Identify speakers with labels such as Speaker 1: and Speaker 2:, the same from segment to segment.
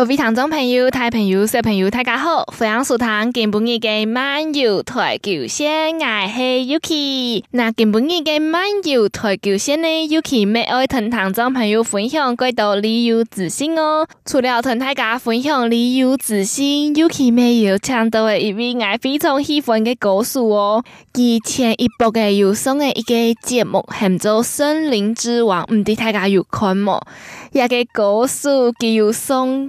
Speaker 1: 各位聽眾朋，朋，朋友，大朋友小朋友大家好！歡迎收聽《今本日嘅》漫遊台九線，我係 Yuki。那今《晡日嘅》漫遊台九線呢？Yuki 每愛同聽眾朋友分享許多旅遊資訊哦。除了同大家分享旅遊資訊，Yuki 每又唱到的一位我非常喜歡嘅歌手哦。以前一部嘅有送嘅一個節目，喊做《聲林之王》，唔知大家有看冇？一個歌手叫送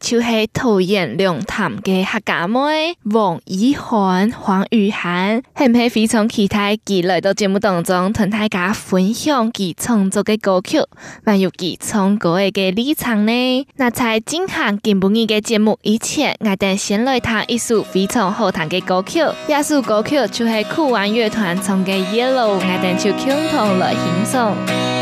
Speaker 1: 就係桃園龍潭嘅客家妹王以涵、黃雨涵，係唔係非常期待佢來到節目當中，同大家分享佢創作嘅歌曲，還有佢創作嘅立場呢。那在進行本目嘅節目以前，我哋先來聽一首非常好聽嘅歌曲。這首歌曲就係酷玩樂團創嘅《Yellow》，我哋就請他們欣賞。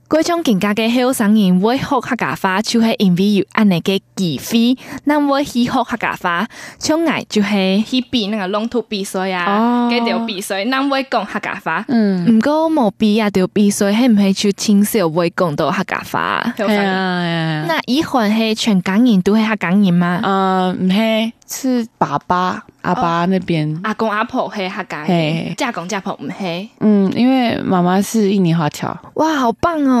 Speaker 1: 歸鄉更加嘅好，上癮。我學客家話，就係因為有安尼嘅寄飛。嗯、那我喜好客家話，從矮就係，係比那個龍吐鼻水啊，跟住鼻水。那我講客家話，唔過無鼻啊，就鼻水。係唔係就青朝會講到客家話？那以前係全港人都是客家人嗎？啊、嗯，唔係，是爸爸、阿爸那邊，阿公、阿婆係客家。嫁公嫁婆唔係
Speaker 2: 嗯，因為媽媽是印尼華僑。哇，好棒哦！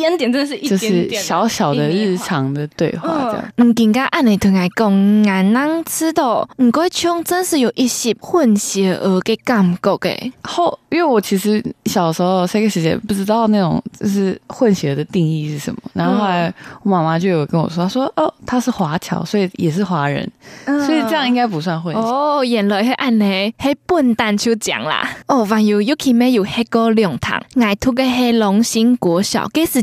Speaker 1: 點點真的是一點點小小的日常的對話，這樣。唔，點解暗黑同愛公難能知道？唔乖真是有一些混血兒嘅感覺嘅後，因為我其實小時候，CK 姐姐不知
Speaker 2: 道那種就是混血的定義是什麼。然後後來，我媽媽就有跟我說，她說：“哦，他是華僑，所以也是華人，所以這樣應該不算混血。嗯”
Speaker 1: 哦，演了黑暗黑黑笨蛋就講啦。哦，凡有 UK 咩有，有黑個涼糖，愛塗嘅係龍興國小嘅時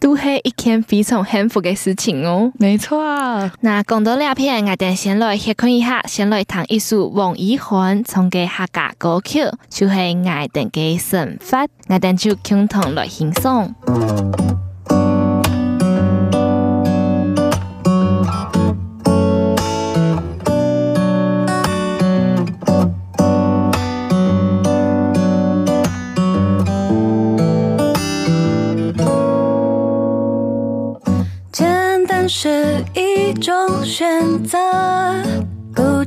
Speaker 1: 都是一件非常幸福嘅事情哦。沒錯，那講到兩片，我哋先來先看一下，先來談一首王以淳唱嘅客家歌曲，就是《愛定嘅懲罰》，我哋就共同來欣賞。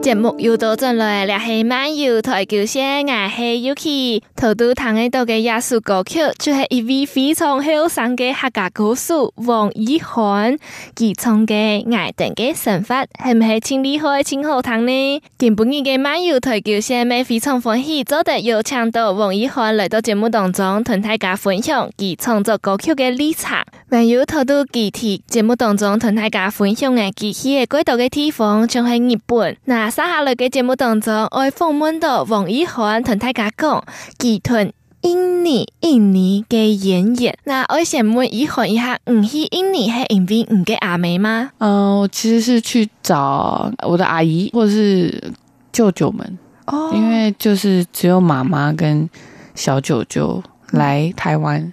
Speaker 1: 節目要多陣來，了係慢搖台球先，崖係 Uki 頭都唐誒，到的壓軸歌曲就係一位非常後生嘅客家歌手王以涵，佢唱嘅《我等頂嘅神佛》係唔係清理厲害、清好聽呢？節目的慢搖台球先，美非常歡喜，做得又請到王以涵來到節目當中，同大家分享佢創作歌曲的歷程。我要套到地體節目當中，同大家分享的傑體的軌道的地方，仲係日本。那接下嚟的節目當中，我訪問到王一涵同大家講，幾團印尼印尼嘅演員。那我想問一涵一下，唔去印尼還因為你計阿妹嗎？嗯，我其實是去找我的阿姨，或者是
Speaker 2: 舅舅們。哦、因為就是只有媽媽跟小舅舅來台灣。嗯